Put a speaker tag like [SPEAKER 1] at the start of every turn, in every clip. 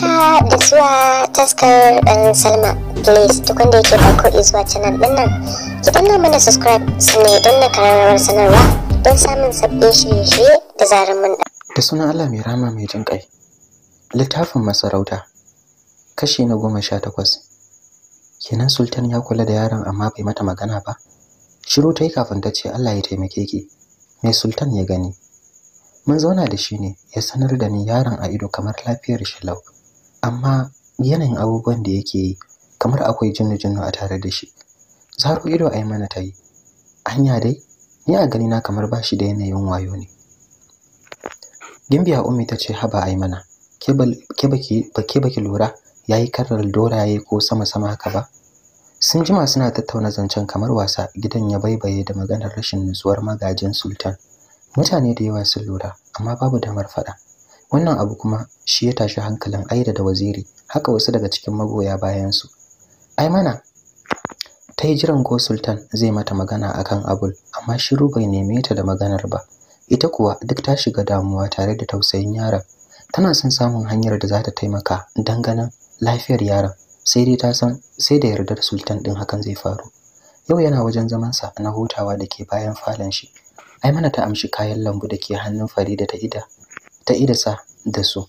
[SPEAKER 1] haka ah, da zuwa taskar ɗan um, salma please duk wanda yake farko izuwa canal ɗin nan ki danna mana subscribe sannan don na kararrawar sanarwa don samun sabbin shirye-shirye da zarar mun da da sunan allah mai rama mai jin kai littafin masarauta kashi na goma sha takwas kenan sultan ya kula da yaron amma bai mata magana ba shiru ta yi kafin ta ce allah ya taimake ki mai sultan ya gani mun zauna da shi ne ya sanar da ni yaron a ido kamar lafiyar shi lau amma yanayin abubuwan da yake yi kamar akwai jinnu-jinnu a tare da shi zaro ido a yi mana ta yi hanya dai ni a ganina kamar ba shi da yanayin wayo ne gimbiya umi ta ce haba a yi mana ke baki lura ya yi karar doraye ko sama-sama haka ba sun jima suna tattauna zancen kamar wasa gidan ya baibaye da maganar rashin nutsuwar magajin sultan mutane da yawa sun lura amma babu damar faɗa wannan abu kuma shi ya tashi hankalin aida da waziri haka wasu daga cikin magoya bayansu ai mana ta yi jiran ko sultan zai mata magana a kan abul amma shiru bai neme ta da maganar ba ita kuwa duk ta shiga damuwa tare da tausayin yaron tana son samun hanyar da za ta taimaka don ganin lafiyar yaron sai dai ta san sai da yardar sultan ɗin hakan zai faru yau yana wajen zamansa na hutawa da ke bayan falon shi ai mana ta amshi kayan lambu da ke hannun farida ta ida ta idasa da su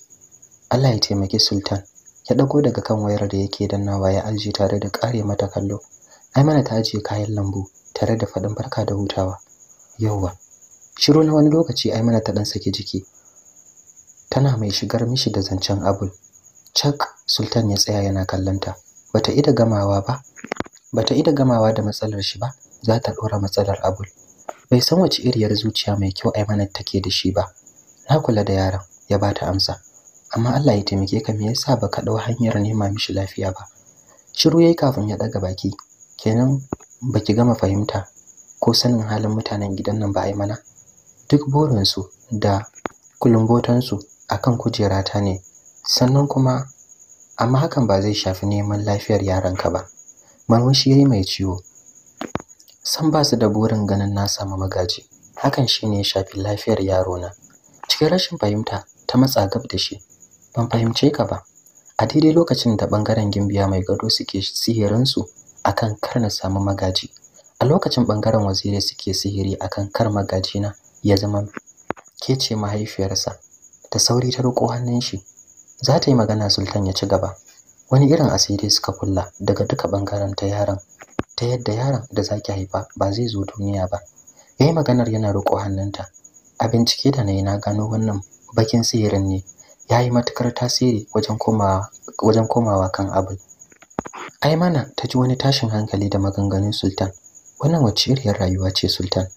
[SPEAKER 1] Allah ya taimaki Sultan ya dago daga kan wayar da yake dannawa ya alji tare da kare mata kallo Aimana ta ajiye kayan lambu tare da faɗin barka da hutawa yauwa shiru na wani lokaci Aimana ta dan saki jiki tana mai shigar mishi da zancen abul Chak Sultan ya tsaya yana kallonta bata ida gamawa ba bata ida gamawa da matsalar shi ba za ta dora matsalar abul bai san wace iriyar zuciya mai kyau Aimana take da shi ba na kula da yaron ya ba ta amsa amma Allah ya taimake ka me yasa baka dau hanyar nema mishi lafiya ba shiru yayi kafin ya daga baki kenan baki gama fahimta ko sanin halin mutanen gidan nan ba ai mana duk su da su akan kujera ta ne sannan kuma amma hakan ba zai shafi neman lafiyar ka ba murmushi yayi mai ciwo san ba su da burin ganin na samu magaji hakan shine ya shafi lafiyar yaro na cikin rashin fahimta ta matsa gab da shi ban fahimce ka ba a daidai lokacin da bangaren gimbiya mai gado suke sihirin su akan kar na samu magaji a lokacin bangaren waziri suke sihiri akan kar magaji na ya zama ke ce mahaifiyarsa da sauri ta riko hannun shi za ta yi magana sultan ya ci gaba wani irin asiri suka kulla daga duka bangaren ta yaron ta yadda yaron da zaki haifa ba zai zo duniya ba yayi maganar yana riko hannunta a bincike da na yi na gano wannan bakin sihirin ne ya yi matukar tasiri wajen komawa kan abul ai mana ta ji wani tashin hankali da maganganun sultan wannan wacce iriyar rayuwa ce sultan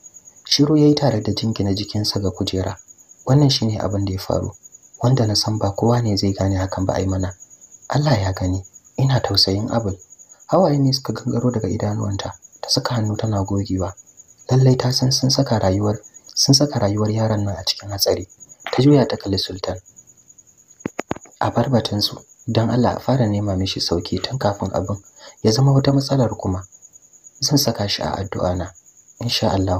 [SPEAKER 1] shiru ya yi tare da jingina jikinsa ga kujera wannan shine abin da ya faru wanda na san ba kowa ne zai gane hakan ba ai mana Allah ya gani ina tausayin abul hawaye ne suka gangaro daga idanuwanta ta saka hannu tana gogewa lallai ta san sun saka rayuwar sun saka rayuwar yaron nan a cikin hatsari ta juya ta kalli sultan a barbatin su don Allah a fara nema mishi sauki tun kafin abin ya zama wata matsalar kuma zan saka shi a addu'a na insha Allah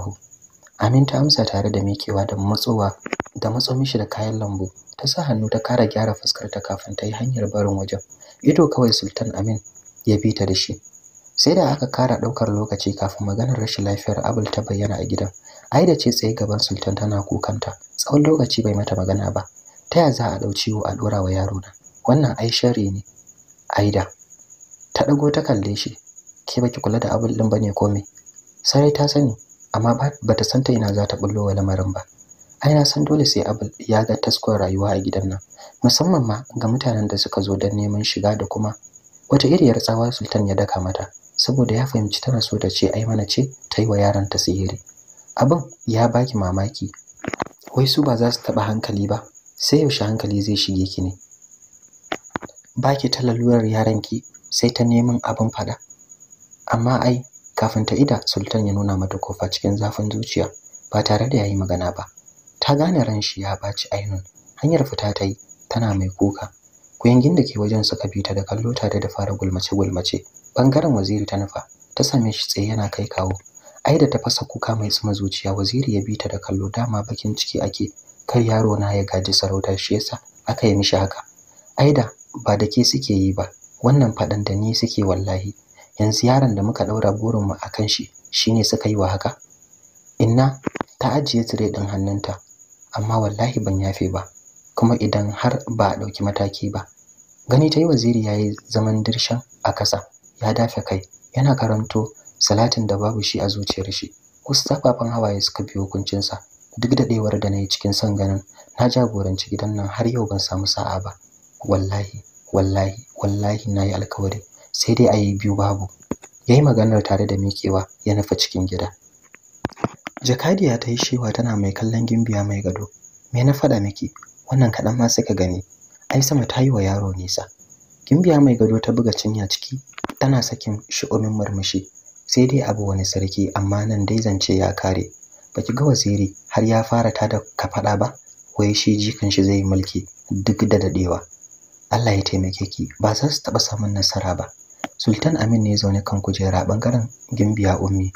[SPEAKER 1] Amin ta amsa tare da mikewa da matsowa da matso mishi da kayan lambu ta sa hannu ta kara gyara fuskar ta kafin ta yi hanyar barin wajen ido kawai sultan Amin ya bi ta da shi sai da aka kara ɗaukar lokaci kafin maganar rashin lafiyar Abul ta bayyana a gidan Aida ce tsaye gaban Sultan tana kukanta. Tsawon lokaci bai mata magana ba. Ta ya za a ɗau ciwo a ɗora wa yaro na? Wannan ai shari ne. Aida. Ta ɗago ta kalle shi. Ke baki kula da abin ɗin bane ko me? Sarai ta sani, amma ba ta san ta ina za ta bullo wa lamarin ba. Ai na san dole sai abin ya ga taskon rayuwa a gidan nan, musamman ma ga mutanen da suka zo don neman shiga da kuma wata iriyar tsawa Sultan ya daka mata, saboda ya fahimci tana so ta ce ai mana ce ta yi wa yaron ta sihiri. abin ya baki mamaki wai su ba za su taɓa hankali ba sai yaushe hankali zai shige ki ne baki ta lalurar ki sai ta neman abin faɗa amma ai kafin ta ida sultan ya nuna mata kofa cikin zafin zuciya ba tare da yayi magana ba ta gane ran shi ya baci ainun hanyar fita ta yi tana mai kuka kuyangin da ke wajen suka bi ta da kallo tare da fara gulmace gulmace bangaren waziri ta nufa ta same shi tsaye yana kai kawo ai da tafasa kuka mai tsuma zuciya waziri ya bi ta da kallo dama bakin ciki ake kar yaro na ya gaji sarauta shi yasa aka yi mishi haka ai da ba da ke suke yi ba wannan faɗan da ni suke wallahi yanzu yaron da muka ɗaura burinmu a kan shi shine suka yi wa haka inna ta ajiye tire din hannunta amma wallahi ban yafe ba kuma idan har ba a ɗauki mataki ba gani ta yi waziri ya yi zaman dirshan a ƙasa ya dafe kai yana karanto salatin da babu shi a zuciyar shi wasu zafafan hawaye suka biyo hukuncinsa. duk da ɗewar da na yi cikin son ganin na jagoranci gidan nan har yau ban samu sa'a ba wallahi wallahi wallahi na yi alkawari sai dai a yi biyu babu ya yi maganar tare da miƙewa ya nufa cikin gida jakadiya ta yi shewa tana mai kallon gimbiya mai gado me na faɗa miki wannan kaɗan ma suka gani ai sama ta yi wa yaro nisa gimbiya mai gado ta buga cinya ciki tana sakin shi'umin murmushi sai dai abu wani sarki amma nan dai zance ya kare baki ga waziri har ya fara ta da ka kafaɗa ba wai shi jikan shi zai mulki duk da dadewa Allah ya taimake ki ba za su taɓa samun nasara ba Sultan Amin ne zaune kan kujera bangaren Gimbiya Ummi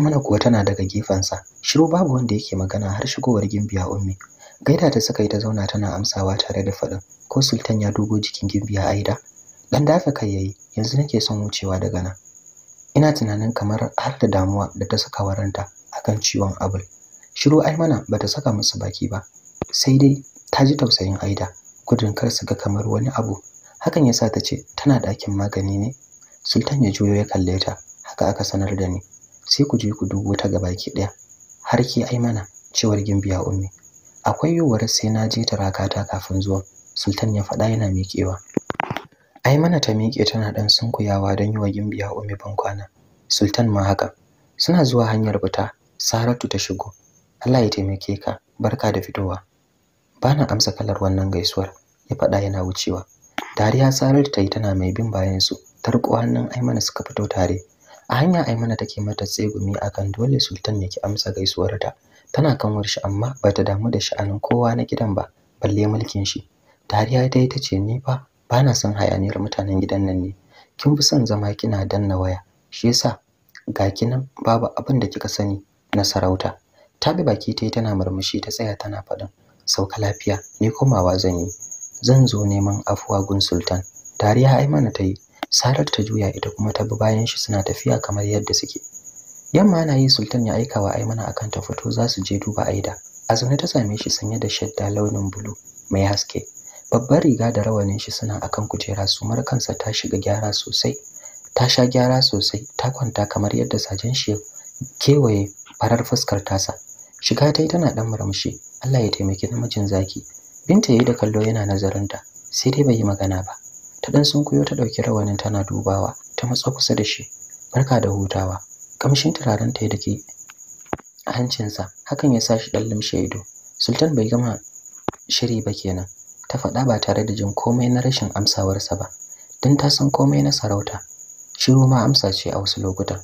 [SPEAKER 1] mana kuwa tana daga gefensa shiru babu wanda yake magana har shigowar Gimbiya Ummi gaida ta suka yi ta zauna tana amsawa tare da faɗin ko Sultan ya dogo jikin Gimbiya Aida dan dafa kai yayi yanzu nake son wucewa daga nan ina tunanin kamar har da damuwa da ta saka wa ranta akan ciwon abul shiru aimana bata saka musu baki ba sai dai ta ji tausayin aida gudun kar su ga kamar wani abu hakan yasa ta ce tana ɗakin magani ne sultan ya juyo ya kalle ta haka aka sanar da ni sai ku je ku dubo ta gaba ki ɗaya har ke aimana cewar gimbiya ummi akwai yiwuwar sai na je ta ta kafin zuwa sultan ya faɗa yana miƙewa ai mana ta miƙe tana ɗan sunkuyawa don yi wa Gimbiya Umi bankwana. Sultan ma haka. Suna zuwa hanyar buta Saratu ta shigo. Allah ya taimake ka, barka da fitowa. Bana amsa kalar wannan gaisuwar, ya faɗa yana wucewa. Dariya Saratu ta yi tana mai bin bayan su, ta hannun Aimana suka fito tare. A hanya Aimana take mata tsegumi akan dole Sultan ya ki amsa gaisuwar ta. Tana kan shi amma bata damu da sha'anin kowa na gidan ba, balle mulkin shi. Dariya dai ta ce ni fa ba na son hayaniyar mutanen gidan nan ne kin fi son zama kina danna waya shi yasa ga kinan babu abin da kika sani na sarauta ta bi baki ta yi tana murmushi ta tsaya tana faɗin sauka lafiya ni komawa zan yi zan zo neman afuwa gun sultan dariya ai mana ta yi sarar ta juya ita kuma ta bi bayan shi suna tafiya kamar yadda suke yamma na yi sultan ya aika wa aimana akan ta fito za su je duba aida a ta same shi sanye da shadda launin bulu mai haske babbar riga da rawanin shi suna akan kujera su kansa ta shiga gyara sosai ta sha gyara sosai ta kwanta kamar yadda sajen shi kewaye farar fuskar tasa shiga ta tana dan murmushi Allah ya taimaki namijin zaki binta yayi da kallo yana nazarin ta sai dai bai yi magana ba ta dan sunkuyo ta dauki rawanin tana dubawa ta matsa kusa da shi barka da hutawa kamshin turaren ta dake hancinsa hakan ya sa shi dan limshe ido sultan bai gama shiri ba kenan ta faɗa ba tare da jin komai na rashin amsawarsa ba don ta san komai na sarauta shiru ma amsa ce a wasu lokutan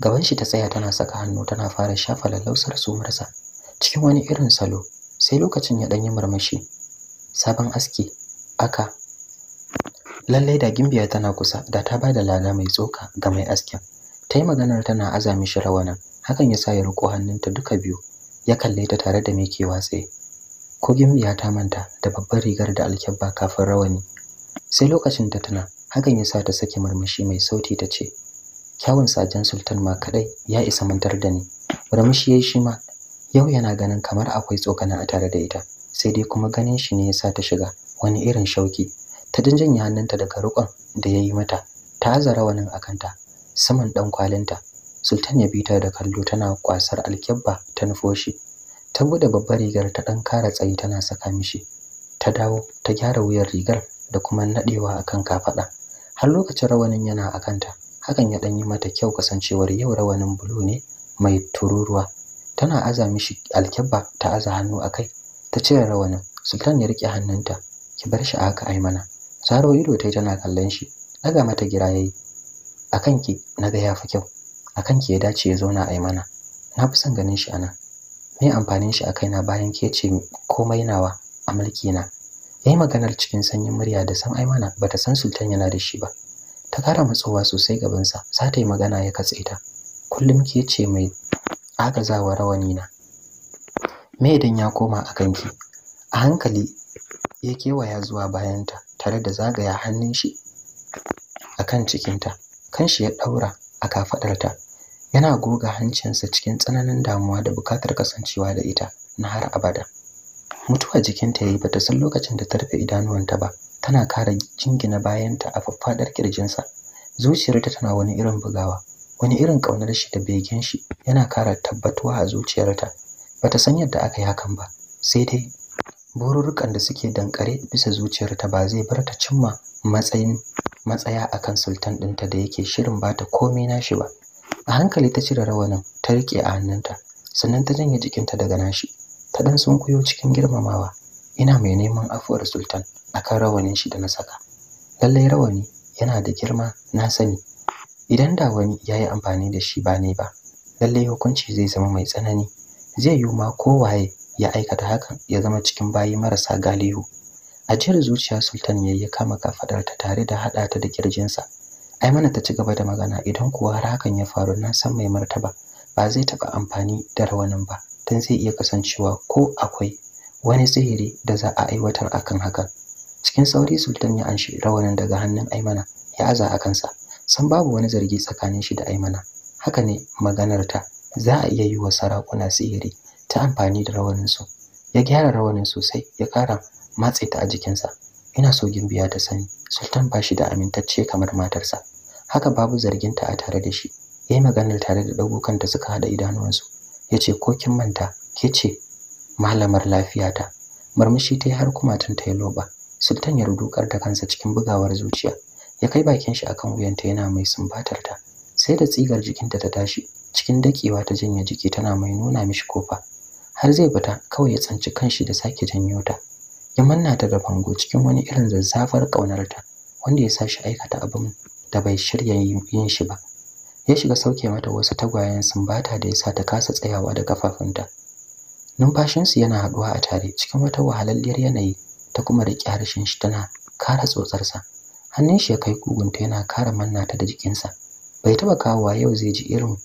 [SPEAKER 1] gaban shi ta tsaya tana saka hannu tana fara shafa lallausar sumarsa cikin wani irin salo sai lokacin ya ɗanyi murmushi sabon aski aka lallai da gimbiya tana kusa da ta ba da lada mai tsoka ga mai askin ta yi maganar tana aza mishi rawanan hakan ya sa ya riƙo hannunta duka biyu ya kalle ta tare da mikewa tsaye Kogin gimbiya ta manta da babbar rigar da alkyabba kafin rawani sai lokacin da tana hakan ya sa ta sake murmushi mai sauti ta ce kyawun sajan sultan ma kadai ya isa mantar da ni murmushi yi shi ma yau yana ganin kamar akwai tsokana a tare da ita sai dai kuma ganin shi ne ya sa ta shiga wani irin shauki ta janye hannunta daga rukon da ya yi mata ta aza rawanin a kanta saman dan kwalinta sultan ya bi ta da kallo tana kwasar alkyabba ta nufo shi ta buɗe babbar rigar ta ɗan kara tsayi tana saka mishi ta dawo ta gyara wuyar rigar da kuma naɗewa akan kafaɗa har lokacin rawanin yana akanta, hakan ya ɗan yi mata kyau kasancewar yau rawanin bulu ne mai tururuwa tana aza mishi alkyabba ta aza hannu a kai ta cire rawanin sultan ya riƙe hannunta ki bar shi a haka ai mana zaro ido ta yi tana kallon shi ɗaga mata girayayi yayi a kanki na ga ya kyau a kanki ya dace ya zauna ai mana na fi son ganin shi a nan me amfanin shi a kaina bayan ke ce komai nawa a mulki na yayi maganar cikin sanyin murya da san aimana bata san sultan yana da shi ba ta kara matsowa sosai gaban sa sa ta yi magana ya katse ta kullum ke ce mai agazawa rawani na me idan ya koma a kanki a hankali ya kewaya zuwa bayanta tare da zagaya hannun shi akan cikinta shi ya daura a ta. yana goga hancinsa cikin tsananin damuwa da bukatar kasancewa da ita na har abada mutuwa jikinta ya yayi bata san lokacin da ta rufe idanuwanta ba tana kara jingina bayanta a faffadar kirjinsa zuciyarta tana wani irin bugawa wani irin kaunar shi da begen shi yana kara tabbatuwa a zuciyarta bata san yadda aka yi hakan ba sai dai bururrukan da suke dankare bisa zuciyarta ba zai bar ta cimma matsayin matsaya akan sultan ɗinta da yake shirin bata komai nashi ba a hankali ta cire rawanin ta rike a hannunta sannan ta janye jikinta daga nashi ta dan sunkuyo cikin girmamawa ina mai neman afuwar sultan akan rawanin shi da na saka lallai rawani yana da girma na sani idan da wani ya yi amfani da shi ba ne ba lallai hukunci zai zama mai tsanani zai yiwu ma kowaye ya aikata hakan ya zama cikin bayi marasa galihu ajiyar zuciya sultan ya yi kama kafadarta tare da haɗa ta da kirjinsa Aimana ta ci gaba da magana idan kuwa har hakan ya faru na san mai martaba ba zai taɓa amfani da rawanin ba dan zai iya kasancewa ko akwai wani sihiri da za a aiwatar akan hakan. Cikin sauri Sultan ya anshi rawanin daga hannun Aimana ya aza a kansa. San babu wani zargi tsakanin shi da Aimana. Haka ne maganar ta za a iya yi wa sarakuna sihiri ta amfani da rawanin su Ya gyara rawanin sosai ya kara matse ta a jikinsa. ina so Gimbiya ta sani Sultan ba shi da amintacce kamar matarsa haka babu zarginta a tare da shi yayi maganar tare da dago kanta suka hada idanuwansu yace ko kin manta ke ce malamar lafiyata murmushi ta har kumatun ta yi loba sultan ya rudukar da kansa cikin bugawar zuciya ya kai bakin shi akan wuyanta yana mai sumbatar ta sai da tsigar jikinta ta tashi cikin dakewa ta janye jiki tana mai nuna mishi kofa har zai fita kawai ya tsanci kanshi da sake janyo ta ya manna ta da bango cikin wani irin zazzafar ƙaunarta wanda ya sa shi aikata abin da bai shirya yin shi ba ya shiga sauke mata wasu tagwayen sumbata da ya sa ta kasa tsayawa da kafafunta numfashinsu yana haɗuwa a tare cikin wata wahalalliyar yanayi ta kuma riƙe harshen shi tana kara tsotsarsa hannun shi ya kai kugunta yana kara manna ta da jikinsa bai taɓa kawowa yau zai ji irin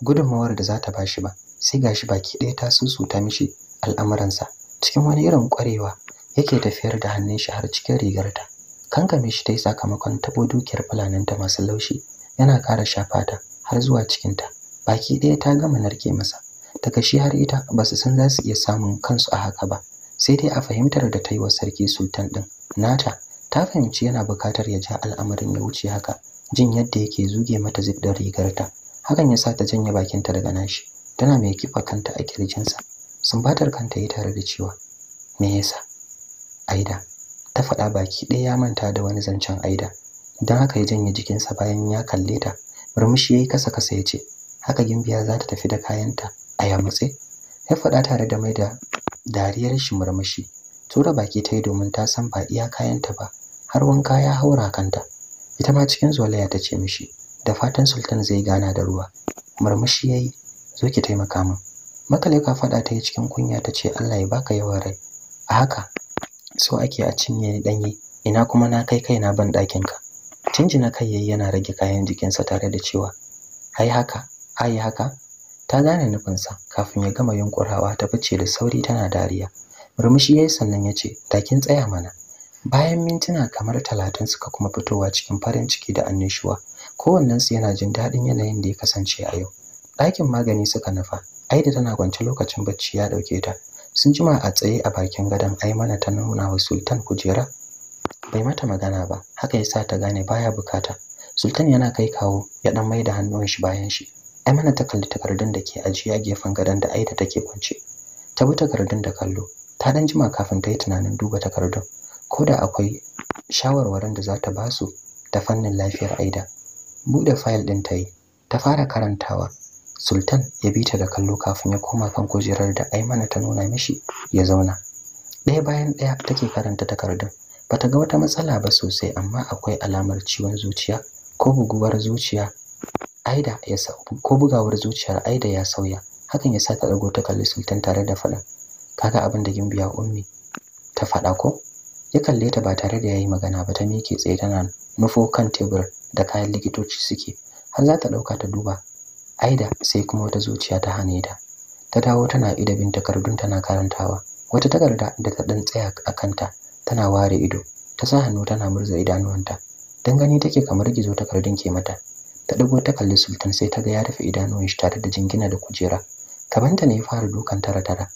[SPEAKER 1] gudunmawar da za ta ba shi ba sai gashi baki ɗaya ta susuta mishi al'amuransa cikin wani irin ƙwarewa yake tafiyar da hannun shi har cikin rigarta kankame shi ta yi sakamakon tabo dukiyar fulaninta masu laushi yana ƙara shafa ta har zuwa cikinta baki ɗaya ta gama narke masa daga shi har ita ba su san za su iya samun kansu a haka ba sai dai a fahimtar da ta yi wa sarki sultan ɗin nata ta fahimci yana buƙatar ya ja al'amarin ya wuce haka jin yadda yake zuge mata zip rigar rigarta hakan ya sa ta janye bakinta daga nashi tana mai kifa kanta a kirjinsa batar kanta yi tare da cewa me yasa Aida ta faɗa baki ɗaya ya manta da wani zancen Aida don haka ya janye jikinsa bayan ya kalle ta murmushi yi kasa kasa ya ce haka gimbiya za ta tafi da kayanta a yamutse ya faɗa tare da mai da dariyar shi murmushi tura baki ta yi domin ta san ba iya kayanta ba har wanka ya haura kanta ita ma cikin zolaya ta ce mishi da fatan sultan zai gana da ruwa murmushi ya yi. zo ki taimaka min makale ka faɗa ta yi cikin kunya ta ce Allah ya baka yawan rai a haka so ake a cinye ni ɗanye ina kuma na kai kaina ban dakin ka na kai yayi yana rage kayan jikinsa tare da cewa ai haka ai haka ta gane nufin sa kafin ya gama yunkurawa ta fice da sauri tana dariya murmushi yayi sannan ya ce tsaya mana bayan mintuna kamar talatin suka kuma fitowa cikin farin ciki da annishuwa kowannensu yana jin daɗin yanayin da ya kasance a yau ɗakin magani suka nufa aida tana kwance lokacin bacci ya ɗauke ta sun jima a tsaye a bakin gadon ai mana ta nuna wa sultan kujera bai mata magana ba haka yasa ta gane baya bukata sultan yana kai kawo ya dan da hannun shi bayan shi aimana ta kalli takardun da ke ajiye a gefen gadon da aida take kwance ta bi takardun da kallo ta dan jima kafin ta yi tunanin duba takardun ko da akwai shawarwarin da za ta basu ta fannin lafiyar aida buɗe fayil ɗin ta yi ta fara karantawa Sultan ya bi ta da kallo kafin ya koma kan kujerar da Aimana ta nuna mishi ya zauna. Ɗaya bayan ɗaya take karanta takardun. Bata ga wata matsala ba sosai amma akwai alamar ciwon zuciya ko buguwar zuciya. Aida ya sau ko bugawar zuciyar Aida ya sauya. Hakan ya sa ta ɗago ta kalli Sultan tare da faɗin. Kaga abin da Gimbiya Ummi ta faɗa ko? Ya kalle ta ba tare da ya yi magana ba ta miƙe tsaye tana nufo kan tebur da kayan likitoci suke. Har za ta ɗauka ta duba aida sai kuma wata zuciya ta hane ta ta dawo tana ido bin takardun tana karantawa wata takarda da ta dan tsaya a kanta tana ware ido ta sa hannu tana murza idanuwanta dan gani take kamar gizo takardun ke mata ta dago ta kalli sultan sai ta ga ya rufe idanuwan shi tare da jingina da kujera kabanta ne ya fara dukan tara tara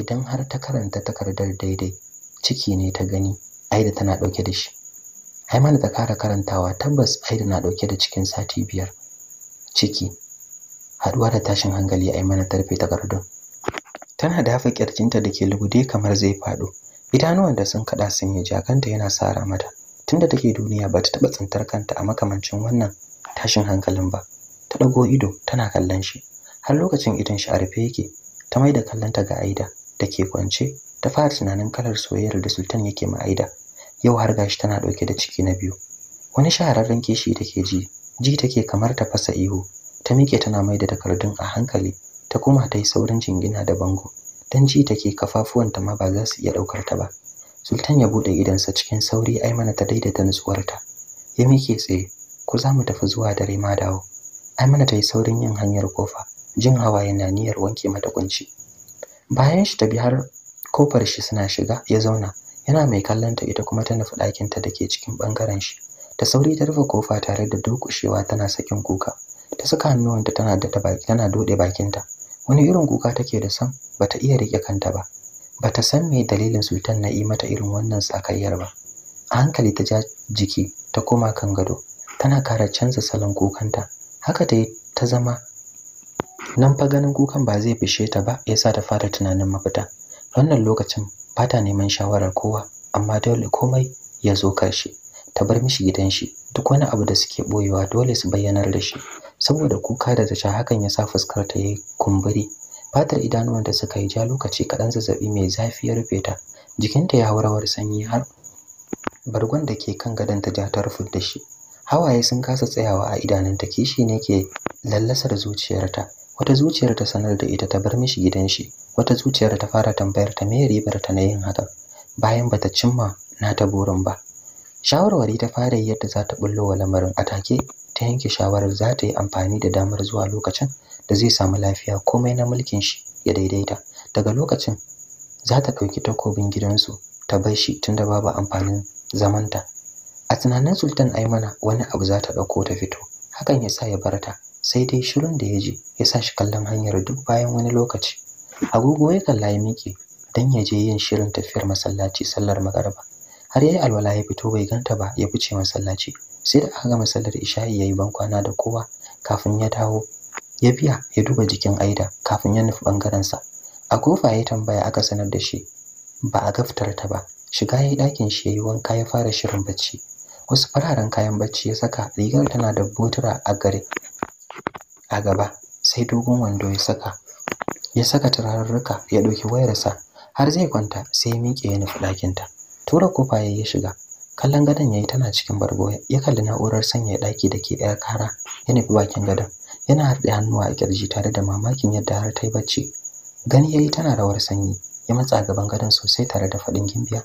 [SPEAKER 1] idan har ta karanta takardar daidai ciki ne ta gani aida tana dauke da shi Haimana ta kara karantawa tabbas Aida na dauke da cikin sati biyar. Ciki haduwa da tashin hankali ya yi mana tarfe takardun tana dafa kirjinta da ke lugude kamar zai faɗo idanuwan da sun kaɗa sun yi jakanta yana sara mata tunda take duniya ba ta taba tsintar kanta a makamancin wannan tashin hankalin ba ta dago ido tana kallon shi har lokacin idan shi a rufe yake ta mai da kallonta ga Aida da ke kwance ta fara tunanin kalar soyayyar da Sultan yake ma Aida yau har gashi tana dauke da ciki na biyu wani shahararren kishi take ji ji take kamar ta fasa ihu ta miƙe tana mai da takardun a hankali ta kuma ta yi saurin jingina da bango don ji take kafafuwanta ma ba za su iya ɗaukar ta ba sultan ya buɗe idansa cikin sauri ai mana ta daidaita nutsuwarta ya miƙe tsaye ko za mu tafi zuwa dare ma dawo ai mana ta yi saurin yin hanyar kofa jin hawa yana niyyar wanke mata kunci bayan shi ta bi har kofar shi suna shiga ya zauna yana mai kallon ta ita kuma ta nufi ɗakinta da ke cikin ɓangaren shi ta sauri ta rufe kofa tare da durƙushewa tana sakin kuka ta saka hannuwanta tana da tana dode bakinta wani irin kuka take da sam bata iya rike kanta ba bata san me dalilin sultan na yi mata irin wannan sakayyar ba a hankali ta ja jiki ta koma kan gado tana kara canza salon kukanta haka ta yi ta zama nan fa ganin kukan ba zai fishe ta ba yasa ta fara tunanin mafita wannan lokacin ba neman shawarar kowa amma dole komai ya zo karshe ta bar mishi gidan shi duk wani abu da suke boyewa dole su bayyanar da shi saboda kuka da ta hakan ya sa fuskar ta yi kumburi fatar da suka yi ja lokaci kaɗan zazzaɓi mai zafi ya rufe ta jikinta ya haurawar sanyi har bargon da ke kan gadon ta ja ta rufe da shi hawaye sun kasa tsayawa a idanunta kishi ne ke lallasar zuciyarta wata zuciyar ta sanar da ita ta bar mishi gidan shi wata zuciyar ta fara tambayar ta me ribar ta na yin hakan bayan bata cimma na ta burin ba shawarwari ta fara yadda za ta bullo wa lamarin a take ta yanke shawarar za ta yi amfani da damar zuwa lokacin da zai samu lafiya komai na mulkin shi ya daidaita daga lokacin za ta ɗauki takobin gidansu ta bar shi tunda babu amfanin zamanta a tunanin sultan aimana wani abu za ta ɗauko ta fito hakan ya sa ya bar ta sai dai shirin da ya ji ya sa shi kallon hanyar duk bayan wani lokaci agogo ya kalla ya miƙe don ya je yin shirin tafiyar masallaci sallar magariba har yayi alwala ya fito bai ganta ba ya fice masallaci sai da aka gama sallar isha'i yayi bankwana da kowa kafin ya dawo ya biya ya duba jikin aida kafin ya nufi bangaren a kofa ya tambaya aka sanar da shi ba a gaftar ta ba shiga yayi ɗakin shi ya yi wanka ya fara shirin bacci wasu fararen kayan bacci ya saka rigar tana da botura a gare a gaba sai dogon wando ya saka ya saka turarurruka ya ɗauki wayarsa har zai kwanta sai ya miƙe ya nufi ɗakinta tura kofa ya shiga kallon gadon yayi tana cikin bargo ya kalli na'urar sanyaya daki da ke ɗaya kara ya nufi bakin gadon yana harɗe hannuwa a ƙirji tare da mamakin yadda har ta yi bacci gani yayi tana rawar sanyi ya matsa gaban gadon sosai tare da faɗin gimbiya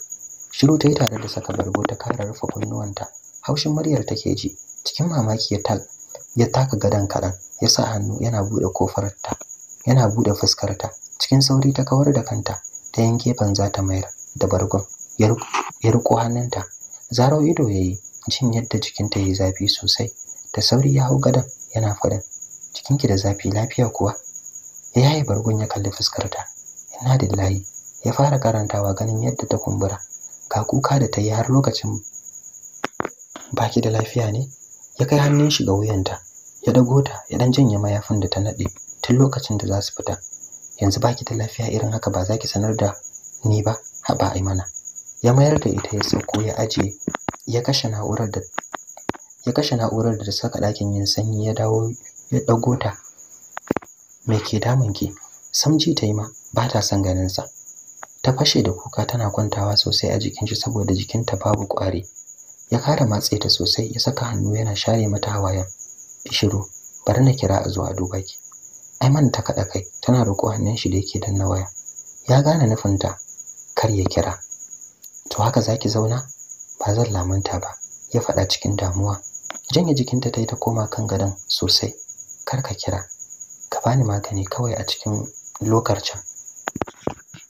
[SPEAKER 1] shiru ta yi tare da saka bargo ta kara rufe kunnuwanta haushin muryar take ji cikin mamaki ya tal ya taka gadon kaɗan ya sa hannu yana buɗe kofar ta yana buɗe fuskar ta cikin sauri ta kawar da kanta ta yanke ban za ta mayar da bargon ya riko hannunta zaro ido ya yi jin yadda jikinta ya yi zafi sosai da sauri ya hau gadon yana faɗin jikinki da zafi lafiya kuwa ya yaye bargon ya kalli fuskarta da layi. ya fara karantawa ganin yadda ta kumbura ga kuka da ta yi har lokacin baki da lafiya ne ya kai hannun shi ga wuyanta ya dago ta ya dan janye mayafin da ta naɗe tun lokacin da za su fita yanzu baki da lafiya irin haka ba za ki sanar da ni ba haba ai mana ya mayar da ita ya sauko ya aje ya kashe na'urar da ya kashe na'urar da ta saka ɗakin yin sanyi ya dawo ya ɗago ta me ke damun ki samji ta yi ma ba ta son ganin sa ta fashe da kuka tana kwantawa sosai a jikin shi saboda jikin ta babu ƙwari ya kara matse ta sosai ya saka hannu yana share mata hawayen shiru bari na kira a zuwa duba ki man ta kaɗa kai tana roƙo hannun shi da yake danna waya ya gane nufinta kar ya kira to haka zaki zauna ba zan lamunta ba ya faɗa cikin damuwa janye jikinta ta yi ta koma kan gadon sosai kar ka kira ka bani magani kawai a cikin lokacin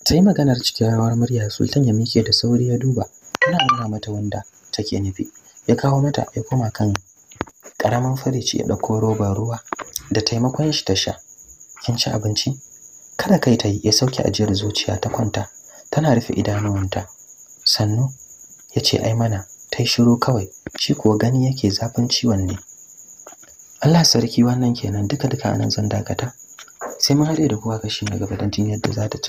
[SPEAKER 1] sai maganar cikin rawar murya sultan ya mike da sauri ya duba ina nuna mata wanda take nufi ya kawo mata ya koma kan karamin farici ya dauko robar ruwa da taimakon shi ta sha kin ci abinci kada kai ta yi ya sauke ajiyar zuciya ta kwanta tana rufe idanuwanta sannu ya ce ai mana ta shiru kawai shi kuwa gani yake zafin ciwon ne Allah sarki wannan kenan duka duka anan zan dakata sai mun haɗe da kowa kashi na gaba yadda za ta ci